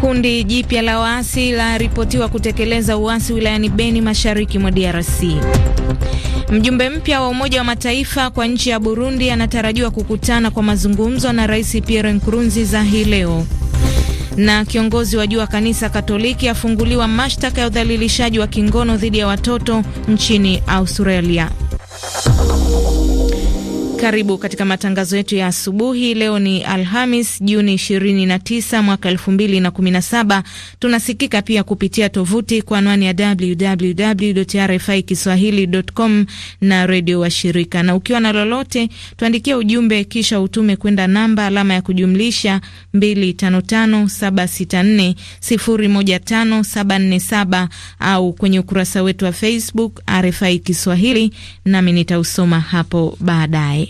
Kundi jipya la waasi laripotiwa kutekeleza uasi wilayani Beni mashariki mwa DRC. Mjumbe mpya wa Umoja wa Mataifa kwa nchi ya Burundi anatarajiwa kukutana kwa mazungumzo na Rais Pierre Nkurunziza hii leo. Na kiongozi wa juu wa kanisa Katoliki afunguliwa mashtaka ya udhalilishaji wa kingono dhidi ya watoto nchini Australia. Karibu katika matangazo yetu ya asubuhi. Leo ni Alhamis, Juni 29 mwaka 2017. Tunasikika pia kupitia tovuti kwa anwani ya www RFI kiswahili.com na redio wa shirika. Na ukiwa na lolote, tuandikia ujumbe kisha utume kwenda namba alama ya kujumlisha 255764015747 au kwenye ukurasa wetu wa Facebook RFI Kiswahili, nami nitausoma hapo baadaye.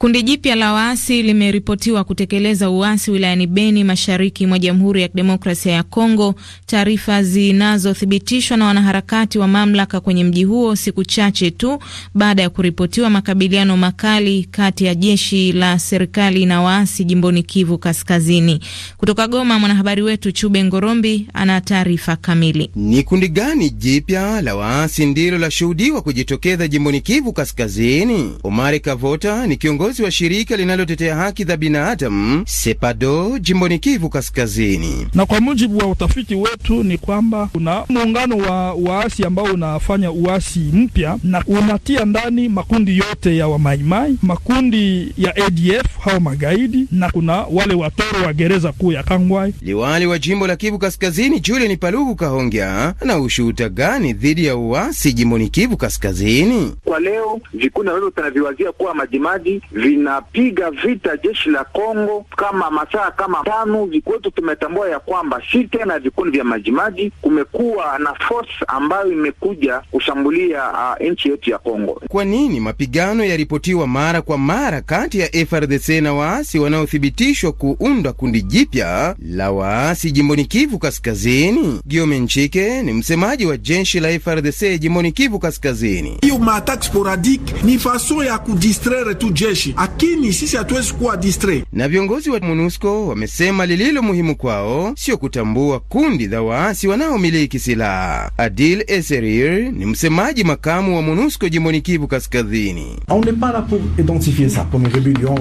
Kundi jipya la waasi limeripotiwa kutekeleza uasi wilayani Beni, mashariki mwa Jamhuri ya Kidemokrasia ya Kongo, taarifa zinazothibitishwa na wanaharakati wa mamlaka kwenye mji huo, siku chache tu baada ya kuripotiwa makabiliano makali kati ya jeshi la serikali na waasi jimboni Kivu Kaskazini. Kutoka Goma, mwanahabari wetu Chube Ngorombi ana taarifa kamili. Ni kundi gani jipya la waasi ndilo lashuhudiwa kujitokeza jimboni Kivu Kaskazini? Omari Kavota ni kiongozi kiongozi wa shirika linalotetea haki za binadamu Sepado jimboni Kivu Kaskazini. Na kwa mujibu wa utafiti wetu ni kwamba kuna muungano wa waasi ambao unafanya uasi mpya na unatia ndani makundi yote ya wamaimai, makundi ya ADF hao magaidi, na kuna wale watoro wa gereza kuu ya Kangwai. Liwali wa jimbo la Kivu Kaskazini Julian Paluku Kahongya na ushuhuda gani dhidi ya uasi jimboni Kivu Kaskazini kwa leo? Vikuna vivyo tunaviwazia kuwa majimaji vinapiga vita jeshi la Kongo kama masaa kama tano, vikwetu tumetambua ya kwamba si tena vikundi vya majimaji, kumekuwa na force ambayo imekuja kushambulia uh, nchi yetu ya Kongo. Kwa nini mapigano yaripotiwa mara kwa mara kati ya FRDC na waasi wanaothibitishwa kuunda kundi jipya la waasi jimboni Kivu Kaskazini? Giome Nchike ni msemaji wa jeshi la FRDC jimboni Kivu Kaskazini. Hiyo matak sporadik ni fason ya kudistraire tu jeshi nchi, lakini sisi hatuwezi kuwa distrait. Na viongozi wa MONUSCO wamesema lililo muhimu kwao sio kutambua kundi za waasi wanaomiliki silaha. Adil Eserir ni msemaji makamu wa MONUSCO jimboni Kivu Kaskazini.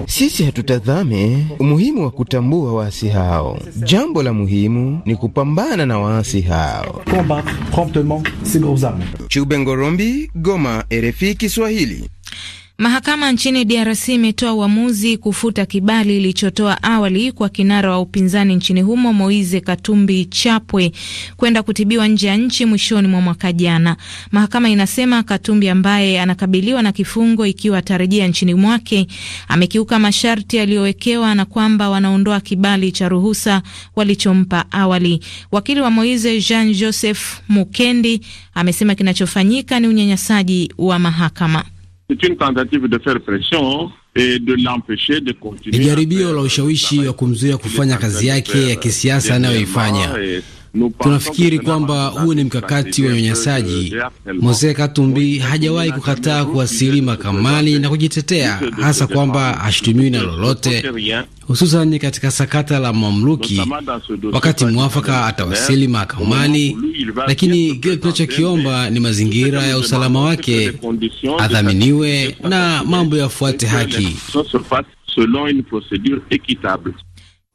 Sisi hatutazame umuhimu wa kutambua waasi hao, jambo la muhimu ni kupambana na waasi hao. Chube Ngorombi, Goma, RFI Kiswahili. Mahakama nchini DRC imetoa uamuzi kufuta kibali ilichotoa awali kwa kinara wa upinzani nchini humo Moise Katumbi Chapwe kwenda kutibiwa nje ya nchi mwishoni mwa mwaka jana. Mahakama inasema Katumbi ambaye anakabiliwa na kifungo ikiwa atarejea nchini mwake amekiuka masharti yaliyowekewa na kwamba wanaondoa kibali cha ruhusa walichompa awali. Wakili wa Moise Jean Joseph Mukendi amesema kinachofanyika ni unyanyasaji wa mahakama. C'est une tentative de faire pression et de l'empêcher de continuer. Ni jaribio la ushawishi wa kumzuia kufanya kazi yake ya kisiasa anayoifanya. Tunafikiri kwamba huu ni mkakati wa unyanyasaji. Mose Katumbi hajawahi kukataa kuwasili mahakamani na kujitetea, hasa kwamba hashutumiwi na lolote, hususan katika sakata la mamluki. Wakati mwafaka atawasili mahakamani, lakini kile tunachokiomba ni mazingira ya usalama wake, adhaminiwe na mambo yafuate haki.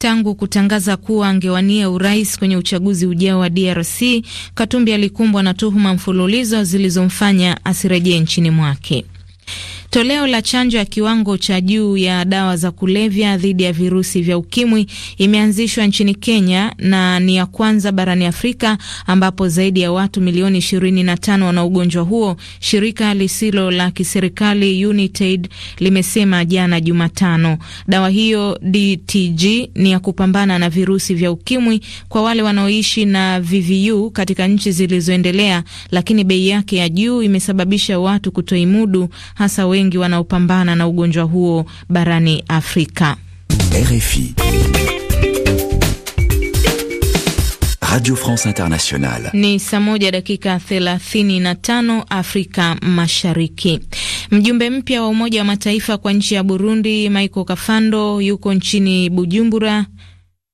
Tangu kutangaza kuwa angewania urais kwenye uchaguzi ujao wa DRC, Katumbi alikumbwa na tuhuma mfululizo zilizomfanya asirejee nchini mwake. Toleo la chanjo ya kiwango cha juu ya dawa za kulevya dhidi ya virusi vya ukimwi imeanzishwa nchini Kenya na ni ya kwanza barani Afrika ambapo zaidi ya watu milioni 25 wana ugonjwa huo, shirika lisilo la kiserikali United limesema jana Jumatano. Dawa hiyo DTG ni ya kupambana na virusi vya ukimwi kwa wale wanaoishi na VVU katika nchi zilizoendelea, lakini bei yake ya juu imesababisha watu kutoimudu hasa wengi wengi wanaopambana na ugonjwa huo barani Afrika. RFI. Radio France Internationale. Ni saa moja dakika 35 Afrika Mashariki. Mjumbe mpya wa Umoja wa Mataifa kwa nchi ya Burundi, Michael Kafando, yuko nchini Bujumbura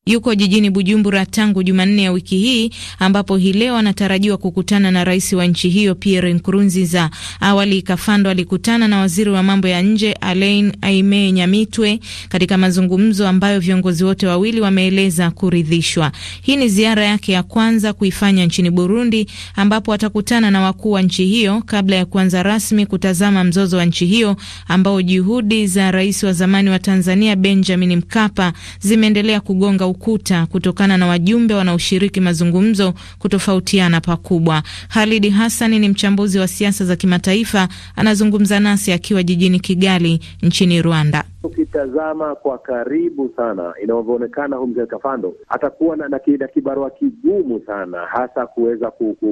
yuko jijini Bujumbura tangu Jumanne ya wiki hii ambapo hii leo anatarajiwa kukutana na rais wa nchi hiyo Pierre Nkurunziza. Awali Kafando alikutana na waziri wa mambo ya nje Alain Aime Nyamitwe katika mazungumzo ambayo viongozi wote wawili wameeleza kuridhishwa. Hii ni ziara yake ya kwanza kuifanya nchini Burundi ambapo atakutana na wakuu wa nchi hiyo kabla ya kuanza rasmi kutazama mzozo wa nchi hiyo ambao juhudi za rais wa zamani wa Tanzania Benjamin Mkapa zimeendelea kugonga ukuta kutokana na wajumbe wanaoshiriki mazungumzo kutofautiana pakubwa. Halidi hasani ni mchambuzi wa siasa za kimataifa, anazungumza nasi akiwa jijini Kigali nchini Rwanda tukitazama kwa karibu sana inavyoonekana Humzeli Kafando atakuwa na, na, na kibarua kigumu sana hasa kuweza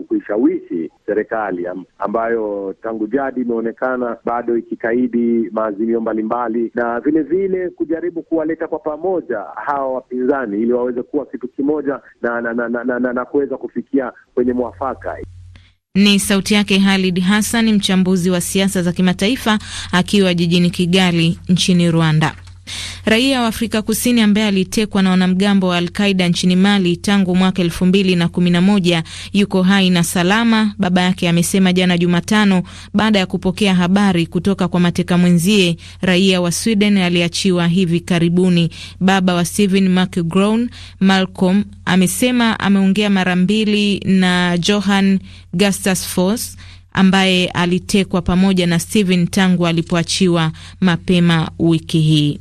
kuishawishi serikali ambayo tangu jadi imeonekana bado ikikaidi maazimio mbalimbali na vilevile vile kujaribu kuwaleta kwa pamoja hawa wapinzani ili waweze kuwa kitu kimoja na, na, na, na, na, na, na kuweza kufikia kwenye mwafaka. Ni sauti yake Halid Hassan, mchambuzi wa siasa za kimataifa akiwa jijini Kigali nchini Rwanda. Raia wa Afrika Kusini ambaye alitekwa na wanamgambo wa Alqaida nchini Mali tangu mwaka elfu mbili na kumi na moja yuko hai na salama, baba yake amesema jana Jumatano baada ya kupokea habari kutoka kwa mateka mwenzie raia wa Sweden aliachiwa hivi karibuni. Baba wa Stephen McGrown, Malcolm, amesema ameongea mara mbili na Johan Gustafsson ambaye alitekwa pamoja na stephen tangu alipoachiwa mapema wiki hii.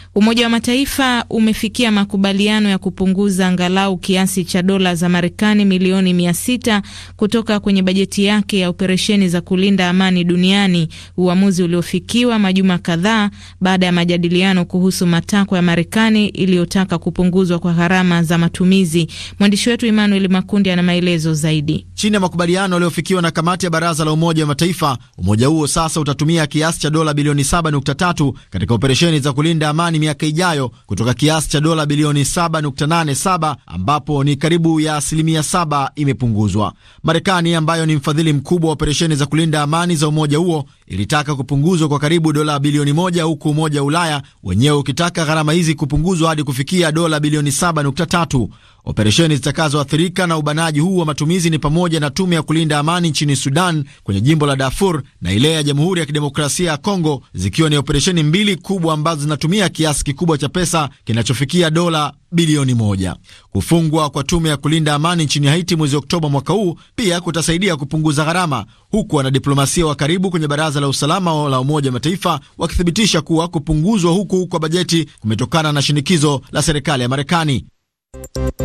Umoja wa Mataifa umefikia makubaliano ya kupunguza angalau kiasi cha dola za Marekani milioni mia sita kutoka kwenye bajeti yake ya operesheni za kulinda amani duniani, uamuzi uliofikiwa majuma kadhaa baada ya majadiliano kuhusu matakwa ya Marekani iliyotaka kupunguzwa kwa gharama za matumizi. Mwandishi wetu Emmanuel Makundi ana maelezo zaidi. Chini ya makubaliano yaliyofikiwa na kamati ya baraza la Umoja wa Mataifa, umoja huo sasa utatumia kiasi cha dola bilioni 7.3 katika operesheni za kulinda amani miaka ijayo kutoka kiasi cha dola bilioni 7.87 ambapo ni karibu ya asilimia saba imepunguzwa. Marekani ambayo ni mfadhili mkubwa wa operesheni za kulinda amani za umoja huo ilitaka kupunguzwa kwa karibu dola bilioni moja huku Umoja wa Ulaya wenyewe ukitaka gharama hizi kupunguzwa hadi kufikia dola bilioni 7.3. Operesheni zitakazoathirika na ubanaji huu wa matumizi ni pamoja na tume ya kulinda amani nchini Sudan kwenye jimbo la Darfur na ile ya Jamhuri ya Kidemokrasia ya Kongo, zikiwa ni operesheni mbili kubwa ambazo zinatumia kiasi kikubwa cha pesa kinachofikia dola bilioni moja. Kufungwa kwa tume ya kulinda amani nchini Haiti mwezi Oktoba mwaka huu pia kutasaidia kupunguza gharama, huku wanadiplomasia wa karibu kwenye Baraza la Usalama la Umoja wa Mataifa wakithibitisha kuwa kupunguzwa huku kwa bajeti kumetokana na shinikizo la serikali ya Marekani.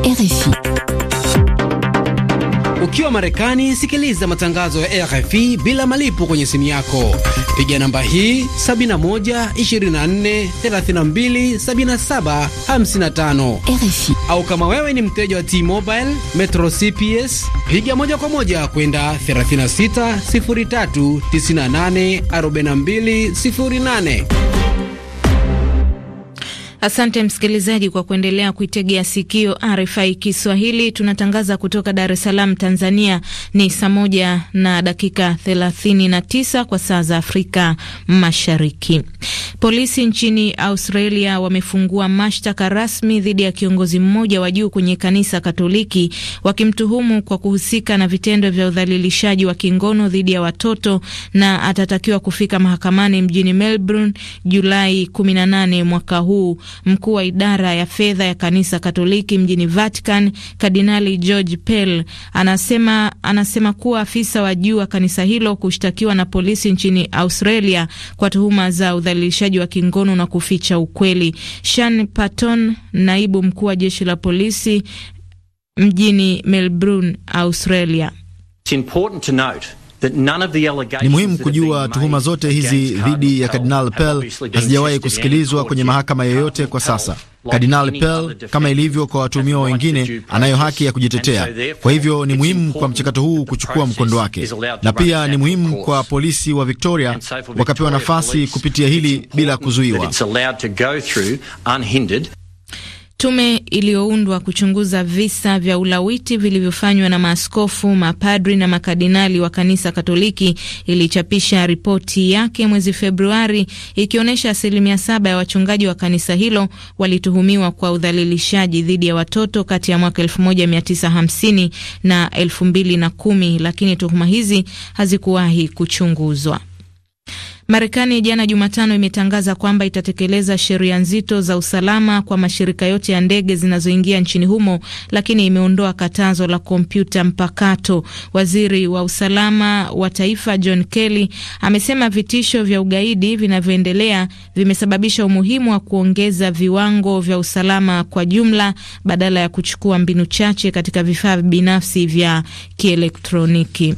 RFI. Ukiwa Marekani, sikiliza matangazo ya RFI bila malipo kwenye simu yako. Piga namba hii 71 24 32 77 55 RFI. Au kama wewe ni mteja wa T-Mobile Metro CPS, piga moja kwa moja kwenda 36 03 98 42 08. Asante msikilizaji kwa kuendelea kuitegea sikio RFI Kiswahili. Tunatangaza kutoka Dar es Salaam, Tanzania. Ni saa moja na dakika 39 kwa saa za Afrika Mashariki. Polisi nchini Australia wamefungua mashtaka rasmi dhidi ya kiongozi mmoja wa juu kwenye kanisa Katoliki, wakimtuhumu kwa kuhusika na vitendo vya udhalilishaji wa kingono dhidi ya watoto na atatakiwa kufika mahakamani mjini Melbourne Julai 18 mwaka huu mkuu wa idara ya fedha ya kanisa Katoliki mjini Vatican, Kardinali George Pell anasema, anasema kuwa afisa wa juu wa kanisa hilo kushtakiwa na polisi nchini Australia kwa tuhuma za udhalilishaji wa kingono na kuficha ukweli. shan paton naibu mkuu wa jeshi la polisi mjini Melbourne, Australia. It's important to note. Ni muhimu kujua tuhuma zote hizi dhidi ya Kardinal Pell hazijawahi kusikilizwa kwenye mahakama yoyote kwa sasa. Kardinal Pell, kama ilivyo kwa watuhumiwa wengine, anayo haki ya kujitetea. Kwa hivyo ni muhimu kwa mchakato huu kuchukua mkondo wake, na pia ni muhimu kwa polisi wa Victoria wakapewa nafasi kupitia hili bila kuzuiwa. Tume iliyoundwa kuchunguza visa vya ulawiti vilivyofanywa na maaskofu, mapadri na makardinali wa kanisa Katoliki ilichapisha ripoti yake mwezi Februari ikionyesha asilimia saba ya wachungaji wa kanisa hilo walituhumiwa kwa udhalilishaji dhidi ya watoto kati ya mwaka 1950 na 2010, lakini tuhuma hizi hazikuwahi kuchunguzwa. Marekani jana Jumatano imetangaza kwamba itatekeleza sheria nzito za usalama kwa mashirika yote ya ndege zinazoingia nchini humo, lakini imeondoa katazo la kompyuta mpakato. Waziri wa usalama wa taifa John Kelly amesema vitisho vya ugaidi vinavyoendelea vimesababisha umuhimu wa kuongeza viwango vya usalama kwa jumla badala ya kuchukua mbinu chache katika vifaa binafsi vya kielektroniki.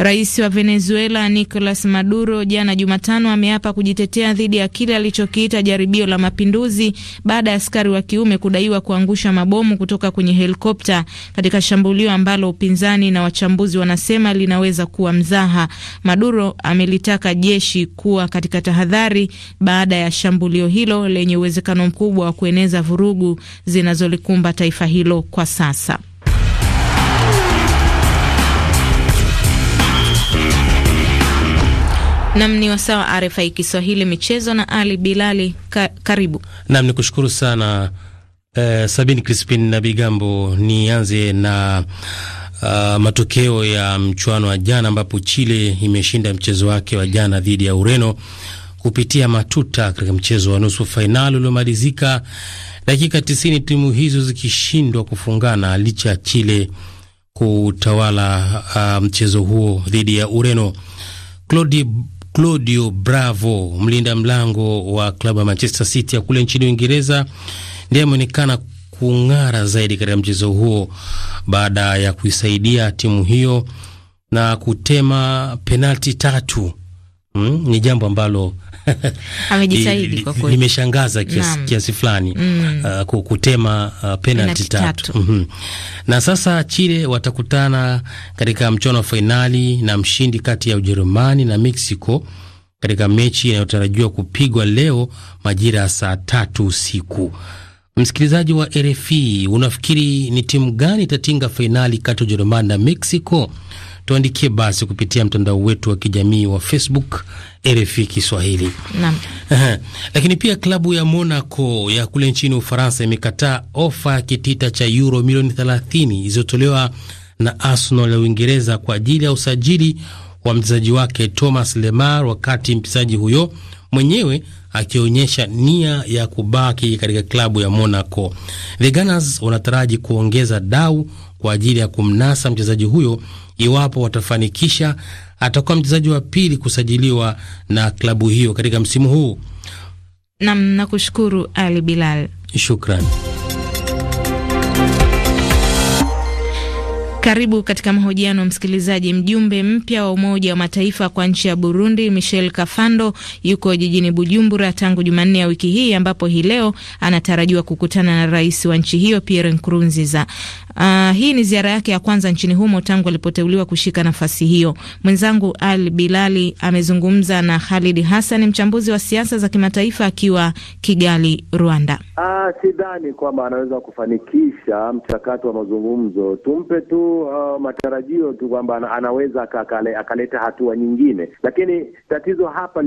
Rais wa Venezuela Nicolas Maduro jana Jumatano ameapa kujitetea dhidi ya kile alichokiita jaribio la mapinduzi baada ya askari wa kiume kudaiwa kuangusha mabomu kutoka kwenye helikopta katika shambulio ambalo upinzani na wachambuzi wanasema linaweza kuwa mzaha. Maduro amelitaka jeshi kuwa katika tahadhari baada ya shambulio hilo lenye uwezekano mkubwa wa kueneza vurugu zinazolikumba taifa hilo kwa sasa. Nam ni wasawa RFI Kiswahili michezo na Ali Bilali ka, karibu. Nam ni kushukuru sana uh, eh, Sabini Crispin na Bigambo. Nianze na uh, matokeo ya mchuano wa jana ambapo Chile imeshinda mchezo wake wa jana dhidi ya Ureno kupitia matuta katika mchezo wa nusu fainali uliomalizika dakika 90, timu hizo zikishindwa kufungana licha ya Chile kutawala uh, mchezo huo dhidi ya Ureno. Claude Claudio Bravo, mlinda mlango wa klabu ya Manchester City ya kule nchini Uingereza, ndiye ameonekana kung'ara zaidi katika mchezo huo baada ya kuisaidia timu hiyo na kutema penalti tatu. Mm, ni jambo ambalo amejitahidi kwa kweli, nimeshangaza kiasi, kiasi fulani mm. uh, kutema uh, penalti tatu mm -hmm. Na sasa Chile watakutana katika mchuano wa fainali na mshindi kati ya Ujerumani na Mexico katika mechi inayotarajiwa kupigwa leo majira ya saa tatu usiku. Msikilizaji wa RFI, unafikiri ni timu gani itatinga fainali kati ya Ujerumani na Mexico? tuandikie basi kupitia mtandao wetu wa kijamii wa Facebook RFI Kiswahili. Lakini pia klabu ya Monaco ya kule nchini Ufaransa imekataa ofa ya kitita cha euro milioni 30 ilizotolewa na Arsenal ya Uingereza kwa ajili ya usajili wa mchezaji wake Thomas Lemar, wakati mchezaji huyo mwenyewe akionyesha nia ya kubaki katika klabu ya Monaco. The Gunners wanataraji kuongeza dau kwa ajili ya kumnasa mchezaji huyo iwapo watafanikisha. Atakuwa mchezaji wa pili kusajiliwa na klabu hiyo katika msimu huu. Nam, nakushukuru Ali Bilal, shukran. Karibu katika mahojiano msikilizaji. Mjumbe mpya wa Umoja wa Mataifa kwa nchi ya Burundi, Michel Kafando, yuko jijini Bujumbura tangu Jumanne ya wiki hii, ambapo hii leo anatarajiwa kukutana na rais wa nchi hiyo Pierre Nkurunziza. Uh, hii ni ziara yake ya kwanza nchini humo tangu alipoteuliwa kushika nafasi hiyo. Mwenzangu Al Bilali amezungumza na Khalid Hassan, mchambuzi wa siasa za kimataifa akiwa Kigali, Rwanda. Ah, sidhani kwamba anaweza kufanikisha mchakato wa mazungumzo. Tumpe tu uh, matarajio tu kwamba anaweza akale, akaleta hatua nyingine, lakini tatizo hapa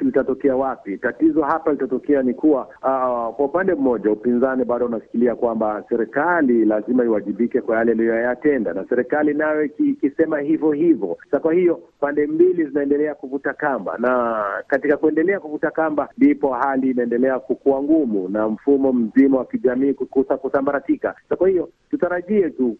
litatokea wapi? Tatizo hapa litatokea ni kuwa uh, kwa upande mmoja upinzani bado unafikiria kwamba serikali lazima iwajibike kwa yale iliyoyatenda, na serikali nayo ikisema hivyo hivyo. sa kwa hiyo pande mbili zinaendelea kuvuta kamba, na katika kuendelea kuvuta kamba ndipo hali inaendelea kukua ngumu na mfumo mzima wa kijamii kusambaratika. sa kwa hiyo tutarajie tu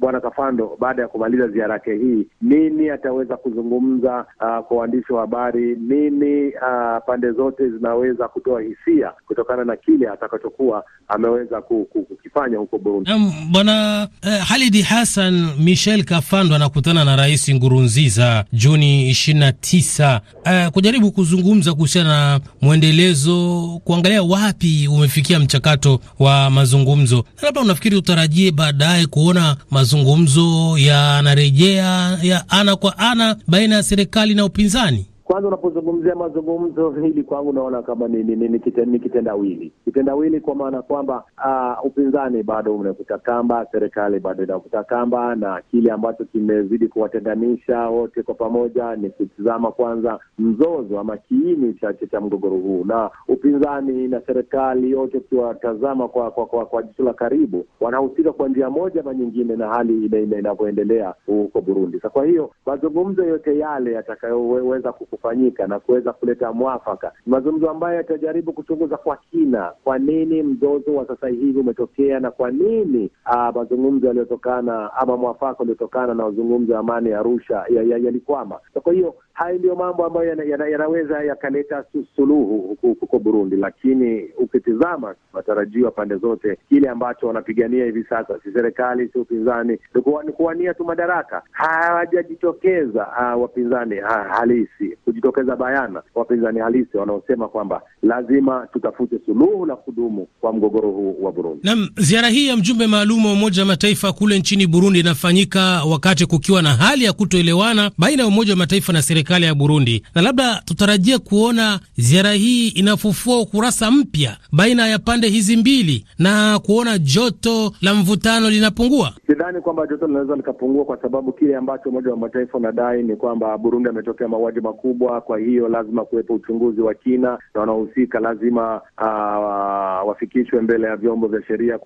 Bwana Kafando baada ya kumaliza ziara yake hii, nini ataweza kuzungumza uh, kwa waandishi wa habari, nini uh, pande zote zinaweza kutoa hisia kutokana na kile atakachokuwa ameweza kukifanya huko Burundi. Bwana eh, Halidi Hassan Michel Kafando anakutana na Rais Ngurunziza Juni 29 eh, kujaribu kuzungumza kuhusiana na mwendelezo, kuangalia wapi umefikia mchakato wa mazungumzo. Labda unafikiri utarajie baadaye kuona mazungumzo yanarejea ya ana kwa ana baina ya serikali na upinzani? kwanza unapozungumzia mazungumzo, hili kwangu naona kama ni, ni, ni, ni, kiten, ni kitendawili kitendawili, kwa maana kwamba uh, upinzani bado unakuta kamba, serikali bado inakuta kamba, na kile ambacho kimezidi kuwatenganisha wote kwa pamoja ni kutizama kwanza mzozo ama kiini cha cha mgogoro huu, na upinzani na serikali yote ukiwatazama kwa, kwa, kwa, kwa jicho la karibu, wanahusika kwa njia moja ama nyingine na hali inavyoendelea huko Burundi. Sa kwa hiyo mazungumzo yote yale yatakayoweza kukufa kufanyika na kuweza kuleta mwafaka, mazungumzo ambayo yatajaribu kuchunguza kwa kina kwa nini mzozo wa sasa hivi umetokea na kwa nini ah, mazungumzo yaliyotokana ama mwafaka uliotokana na mazungumzo ya amani ya Arusha yalikwama ya, ya ya kwa hiyo haya ndiyo mambo ambayo yanaweza ya, ya yakaleta suluhu huko Burundi, lakini ukitizama matarajio ya pande zote, kile ambacho wanapigania hivi sasa, si serikali si upinzani, ni kuwania tu madaraka. Hawajajitokeza ah, wapinzani ha, halisi kujitokeza bayana wapinzani halisi wanaosema kwamba lazima tutafute suluhu la kudumu kwa mgogoro huu wa Burundi. Naam, ziara hii ya mjumbe maalum wa Umoja wa Mataifa kule nchini Burundi inafanyika wakati kukiwa na hali ya kutoelewana baina ya Umoja wa Mataifa na serikali ya Burundi, na labda tutarajia kuona ziara hii inafufua ukurasa mpya baina ya pande hizi mbili na kuona joto la mvutano linapungua. Sidhani kwamba joto linaweza likapungua, kwa sababu kile ambacho Umoja wa Mataifa unadai ni kwamba Burundi ametokea mauaji makubwa kubwa. Kwa hiyo lazima kuwepo uchunguzi wa kina na wanaohusika lazima uh, wafikishwe mbele ya vyombo vya sheria.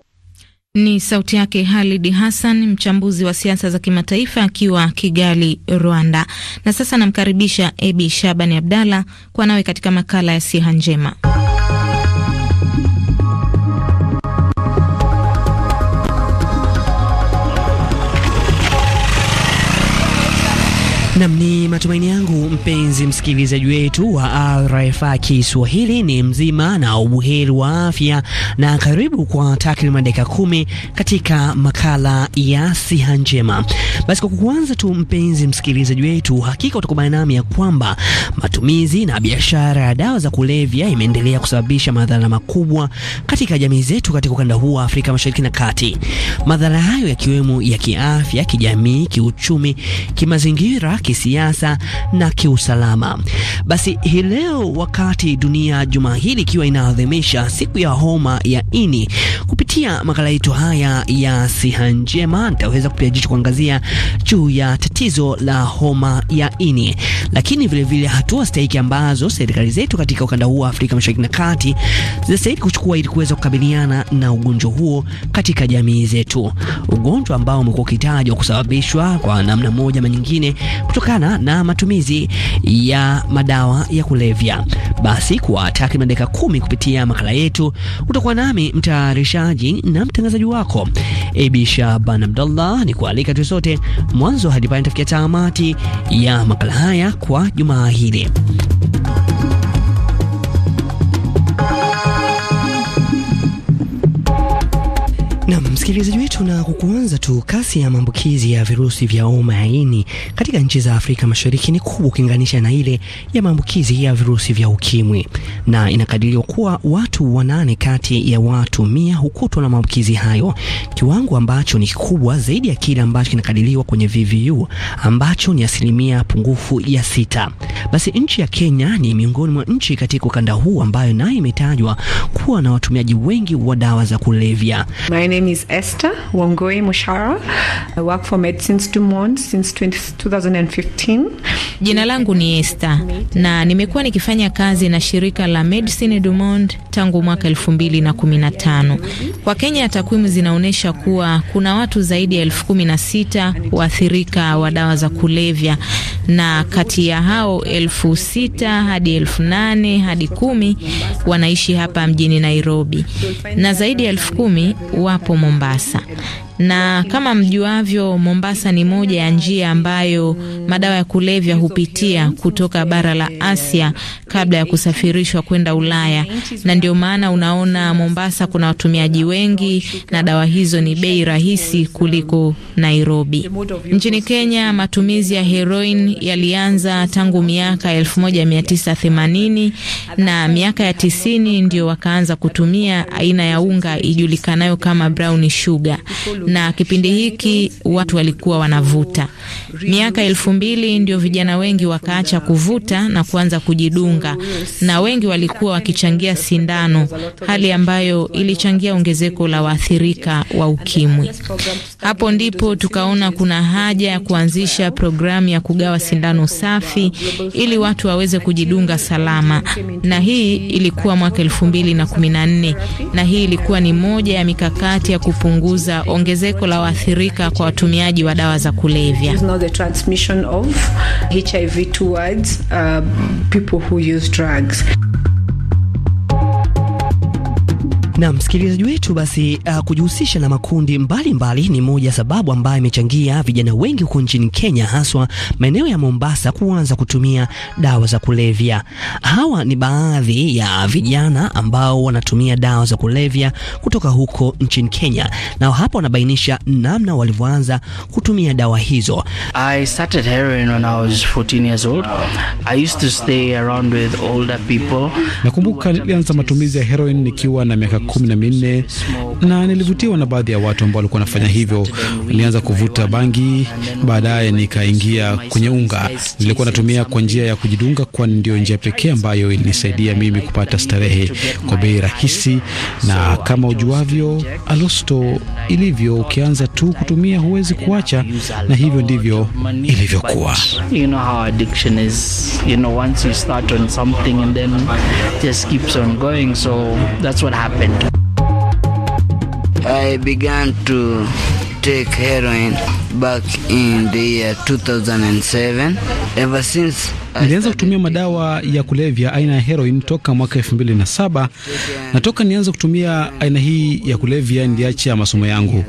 Ni sauti yake Halidi Hassan, mchambuzi wa siasa za kimataifa akiwa Kigali, Rwanda. Na sasa namkaribisha Ebi Shabani Abdalla kwa nawe katika makala ya siha njema. Nam, ni matumaini yangu mpenzi msikilizaji wetu wa RFA Kiswahili ni mzima na ubuheri wa afya, na karibu kwa takriban dakika kumi katika makala ya siha njema. Basi kwa kuanza tu, mpenzi msikilizaji wetu, hakika utakubana nami ya kwamba matumizi na biashara ya dawa za kulevya imeendelea kusababisha madhara makubwa katika jamii zetu katika ukanda huu wa Afrika Mashariki na Kati, madhara hayo yakiwemo ya kiafya, kijamii, kiuchumi, kimazingira kisiasa na kiusalama. Basi hii leo, wakati dunia juma hili ikiwa inaadhimisha siku ya homa ya ini, kupitia makala yetu haya ya siha njema, nitaweza kupia jicho kuangazia juu ya tatizo la homa ya ini, lakini vilevile vile hatua stahiki ambazo serikali zetu katika ukanda huu wa Afrika Mashariki na Kati zinastahili kuchukua ili kuweza kukabiliana na ugonjwa huo katika jamii zetu, ugonjwa ambao umekuwa ukitajwa kusababishwa kwa namna moja ama nyingine kutokana na matumizi ya madawa ya kulevya. Basi kwa takriban dakika kumi kupitia makala yetu utakuwa nami mtayarishaji na mtangazaji wako Ebisha Shaban Abdallah, ni kualika tu sote mwanzo hadi pale tafikia tamati ya makala haya kwa jumaa hili. Na msikilizaji wetu, na kukuanza tu, kasi ya maambukizi ya virusi vya homa ya ini katika nchi za Afrika Mashariki ni kubwa ukilinganisha na ile ya maambukizi ya virusi vya ukimwi, na inakadiriwa kuwa watu wanane kati ya watu mia hukutwa na maambukizi hayo, kiwango ambacho ni kikubwa zaidi ya kile ambacho kinakadiriwa kwenye VVU ambacho ni asilimia pungufu ya sita. Basi nchi ya Kenya ni miongoni mwa nchi katika ukanda huu ambayo nayo imetajwa kuwa na watumiaji wengi wa dawa za kulevya. My name is Esther Wongoi Mushara. I work for Medicines Du Monde since 2015. Jina langu ni Esther na nimekuwa nikifanya kazi na shirika la Medicine Du Monde tangu mwaka 2015. Kwa Kenya takwimu zinaonyesha kuwa kuna watu zaidi ya elfu kumi na sita waathirika wa dawa za kulevya na kati ya hao elfu sita hadi elfu nane hadi kumi wanaishi hapa mjini Nairobi na zaidi ya elfu kumi wapo Mombasa na kama mjuavyo, Mombasa ni moja ya njia ambayo madawa ya kulevya hupitia kutoka bara la Asia kabla ya kusafirishwa kwenda Ulaya, na ndio maana unaona Mombasa kuna watumiaji wengi na dawa hizo ni bei rahisi kuliko Nairobi. Nchini Kenya, matumizi ya heroin yalianza tangu mia miaka 1980 na miaka ya tisini ndio wakaanza kutumia aina ya unga ijulikanayo kama brown sugar, na kipindi hiki watu walikuwa wanavuta. Miaka elfu mbili ndio vijana wengi wakaacha kuvuta na kuanza kujidunga, na wengi walikuwa wakichangia sindano, hali ambayo ilichangia ongezeko la waathirika wa ukimwi. Hapo ndipo tukaona kuna haja ya kuanzisha programu ya kugawa sindano safi ili watu waweze kujidunga salama, na hii ilikuwa mwaka elfu mbili na kumi na nne na hii ilikuwa ni moja ya mikakati ya kupunguza ongezeko la waathirika kwa watumiaji wa dawa za kulevya. Na msikilizaji wetu basi, uh, kujihusisha na makundi mbalimbali mbali ni moja sababu ambayo imechangia vijana wengi huko nchini Kenya, haswa maeneo ya Mombasa, kuanza kutumia dawa za kulevya. Hawa ni baadhi ya vijana ambao wanatumia dawa za kulevya kutoka huko nchini Kenya, na hapa wanabainisha namna walivyoanza kutumia dawa hizo. I started heroin when I was 14 years old. I used to stay around with older people. Nakumbuka nilianza matumizi ya heroin nikiwa na miaka kumi na minne na nilivutiwa na baadhi ya watu ambao walikuwa wanafanya hivyo. Nilianza kuvuta bangi, baadaye nikaingia kwenye unga. Nilikuwa natumia kwa njia ya kujidunga, kwani ndio njia pekee ambayo ilinisaidia mimi kupata starehe kwa bei rahisi. Na kama ujuavyo Alosto ilivyo, ukianza tu kutumia huwezi kuacha, na hivyo ndivyo ilivyokuwa. you on So that's what happened. I began to take heroin. back in the year 2007. Ever since nilianza kutumia madawa ya kulevya aina ya heroin toka mwaka 2007 na saba toka nianza kutumia aina hii ya kulevya niliacha ya masomo yangu,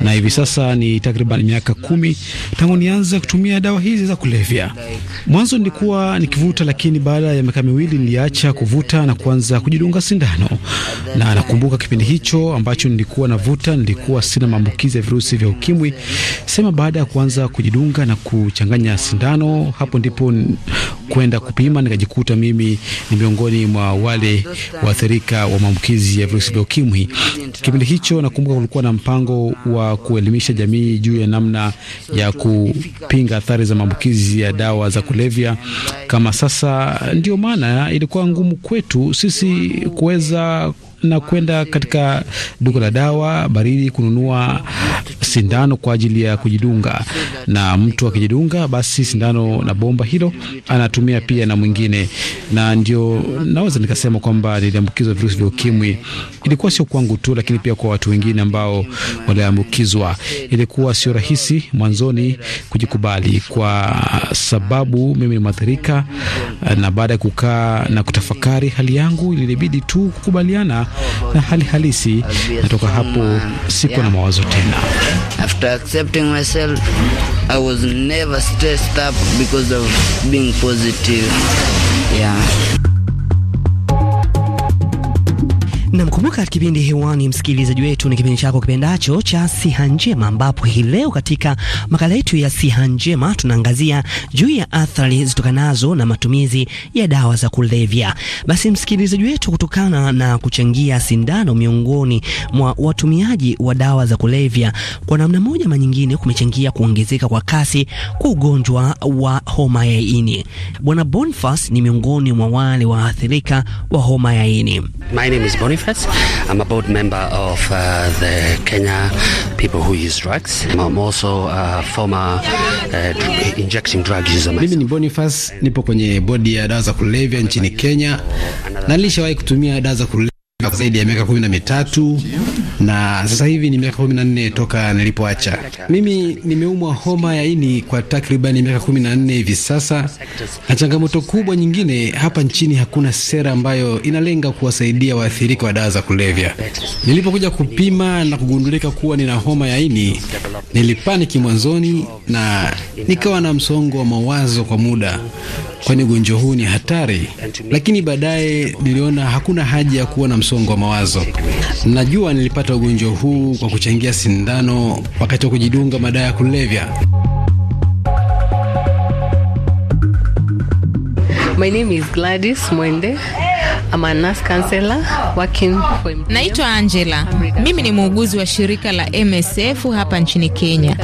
na hivi sasa ni takriban miaka kumi tangu nianza kutumia dawa hizi za kulevya. Mwanzo nilikuwa nikivuta, lakini baada ya miaka miwili niliacha kuvuta na kuanza kujidunga sindano, na nakumbuka kipindi hicho ambacho nilikuwa navuta, nilikuwa sina maambukizi ya virusi vya ukimwi sema Anasema baada ya kuanza kujidunga na kuchanganya sindano, hapo ndipo kwenda kupima nikajikuta mimi ni miongoni mwa wale waathirika wa maambukizi ya virusi vya ukimwi. Kipindi hicho nakumbuka kulikuwa na mpango wa kuelimisha jamii juu ya namna ya kupinga athari za maambukizi ya dawa za kulevya kama sasa. Ndiyo maana ilikuwa ngumu kwetu sisi kuweza na kwenda katika duka la dawa baridi kununua sindano kwa ajili ya kujidunga, na mtu akijidunga, basi sindano na bomba hilo anatumia pia na mwingine, na ndio naweza nikasema kwamba niliambukizwa virusi vya ukimwi. Ilikuwa sio kwangu tu, lakini pia kwa watu wengine ambao waliambukizwa. Ilikuwa sio rahisi mwanzoni kujikubali, kwa sababu mimi ni mwathirika, na baada ya kukaa na kutafakari hali yangu, ilibidi tu kukubaliana na hali halisi. Natoka hapo siko yeah, na mawazo tena. After accepting myself, I was never stressed up because of being positive. Yeah. Namkumbuka kipindi hewani, msikilizaji wetu, ni kipindi chako kipendacho cha siha njema, ambapo hii leo katika makala yetu ya siha njema tunaangazia juu ya athari zitokanazo na matumizi ya dawa za kulevya. Basi msikilizaji wetu, kutokana na kuchangia sindano miongoni mwa watumiaji wa dawa za kulevya, kwa namna moja ama nyingine, kumechangia kuongezeka kwa kasi kwa ugonjwa wa homa ya ini. Bwana Bonfas ni miongoni mwa wale waathirika wa homa ya ini. My name is Boniface. I'm a board member of uh, the Kenya People Who Use Drugs. I'm also a former uh, injecting drug user. Mimi ni Boniface, nipo kwenye bodi ya dawa za kulevya nchini Kenya na nilishawahi kutumia dawa za kulevya zaidi ya miaka kumi na mitatu na sasa hivi ni miaka kumi na nne toka nilipoacha. Mimi nimeumwa homa ya ini kwa takriban miaka kumi na nne hivi sasa, na changamoto kubwa nyingine hapa nchini, hakuna sera ambayo inalenga kuwasaidia waathirika wa dawa za kulevya. Nilipokuja kupima na kugundulika kuwa nina homa ya ini, nilipaniki mwanzoni na nikawa na msongo wa mawazo kwa muda kwani ugonjwa huu ni hatari, lakini baadaye niliona hakuna haja ya kuwa na msongo wa mawazo. Najua nilipata ugonjwa huu kwa kuchangia sindano wakati wa kujidunga madawa ya kulevya. My name is Gladys Mwende. I'm a nurse counselor working for Naitwa Angela. Mimi ni muuguzi wa shirika la MSF hapa nchini Kenya.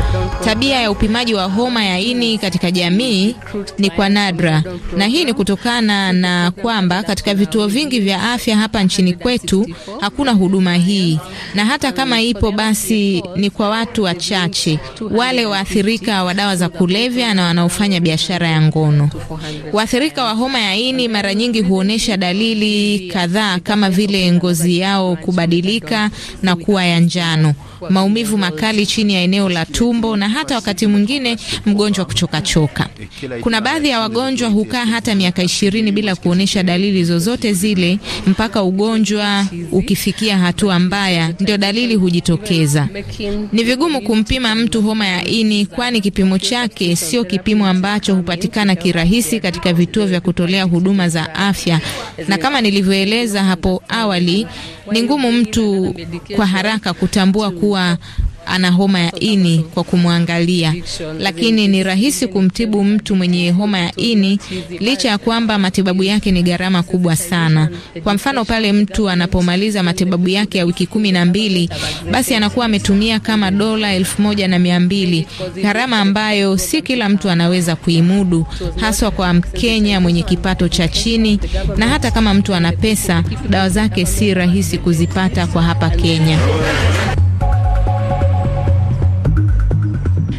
Tabia ya upimaji wa homa ya ini katika jamii ni kwa nadra, na hii ni kutokana na kwamba katika vituo vingi vya afya hapa nchini kwetu hakuna huduma hii, na hata kama ipo, basi ni kwa watu wachache, wale waathirika wa dawa za kulevya na wanaofanya biashara ya ngono. Waathirika wa homa ya ini mara nyingi huonyesha dalili kadhaa kama vile ngozi yao kubadilika na kuwa ya njano maumivu makali chini ya eneo la tumbo na hata wakati mwingine mgonjwa kuchokachoka. Kuna baadhi ya wagonjwa hukaa hata miaka ishirini bila kuonyesha dalili zozote zile mpaka ugonjwa ukifikia hatua mbaya, ndio dalili hujitokeza. Ni vigumu kumpima mtu homa ya ini, kwani kipimo chake sio kipimo ambacho hupatikana kirahisi katika vituo vya kutolea huduma za afya, na kama nilivyoeleza hapo awali, ni ngumu mtu kwa haraka kutambua ku kuwa ana homa ya ini kwa kumwangalia, lakini ni rahisi kumtibu mtu mwenye homa ya ini, licha ya kwamba matibabu yake ni gharama kubwa sana. Kwa mfano, pale mtu anapomaliza matibabu yake ya wiki kumi na mbili, basi anakuwa ametumia kama dola elfu moja na mia mbili, gharama ambayo si kila mtu anaweza kuimudu, haswa kwa Mkenya mwenye kipato cha chini. Na hata kama mtu ana pesa, dawa zake si rahisi kuzipata kwa hapa Kenya.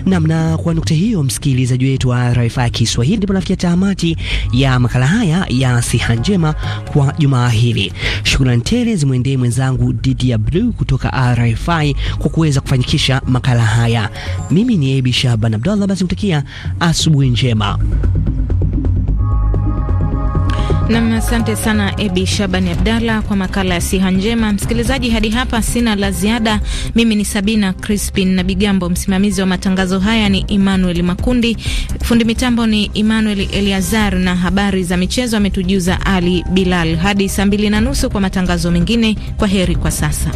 namna. Kwa nukta hiyo, msikilizaji wetu wa RFI Kiswahili, ndipo nafikia tamati ya makala haya ya siha njema kwa jumaa hili. Shukrani tele zimwendee mwenzangu Didi ya Blue kutoka RFI kwa kuweza kufanikisha makala haya. Mimi ni Abi Shaban Abdallah, basi kutakia asubuhi njema. Nam, asante sana Ebi Shabani Abdalla kwa makala ya siha njema. Msikilizaji, hadi hapa sina la ziada. Mimi ni Sabina Crispin na Bigambo, msimamizi wa matangazo haya ni Emmanuel Makundi, fundi mitambo ni Emmanuel Eliazar, na habari za michezo ametujuza Ali Bilal. Hadi saa mbili na nusu kwa matangazo mengine. Kwa heri kwa sasa.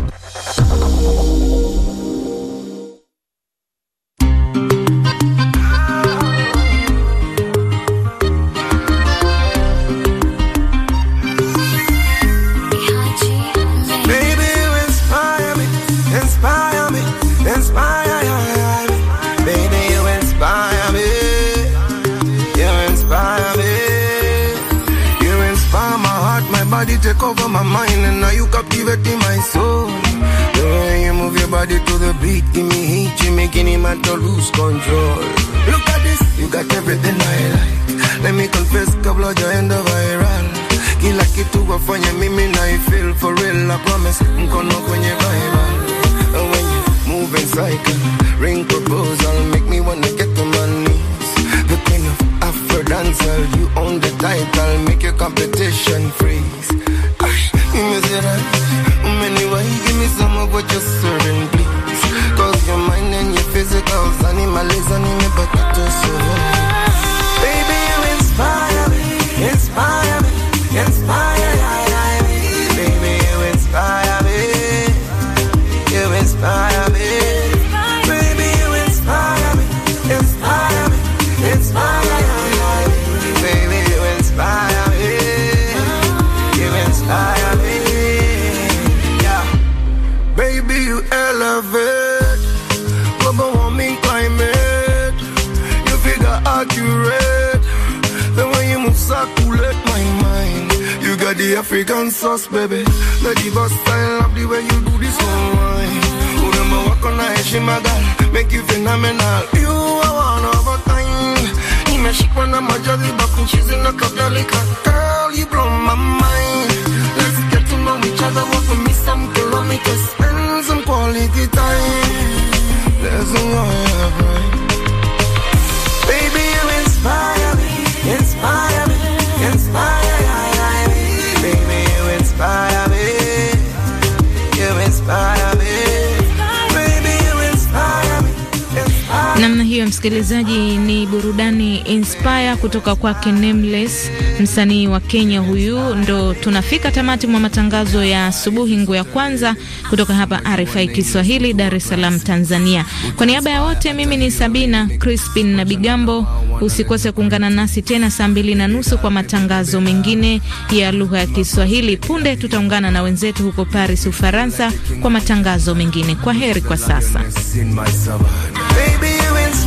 msikilizaji, ni burudani Inspire kutoka kwake Nameless, msanii wa Kenya huyu. Ndo tunafika tamati mwa matangazo ya asubuhi nguu ya kwanza kutoka hapa RFI Kiswahili, Dar es Salaam, Tanzania. Kwa niaba ya wote, mimi ni Sabina Crispin na Bigambo. Usikose kuungana nasi tena saa mbili na nusu kwa matangazo mengine ya lugha ya Kiswahili. Punde tutaungana na wenzetu huko Paris, Ufaransa, kwa matangazo mengine. Kwa heri kwa sasa.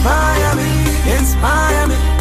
inspire me, inspire me.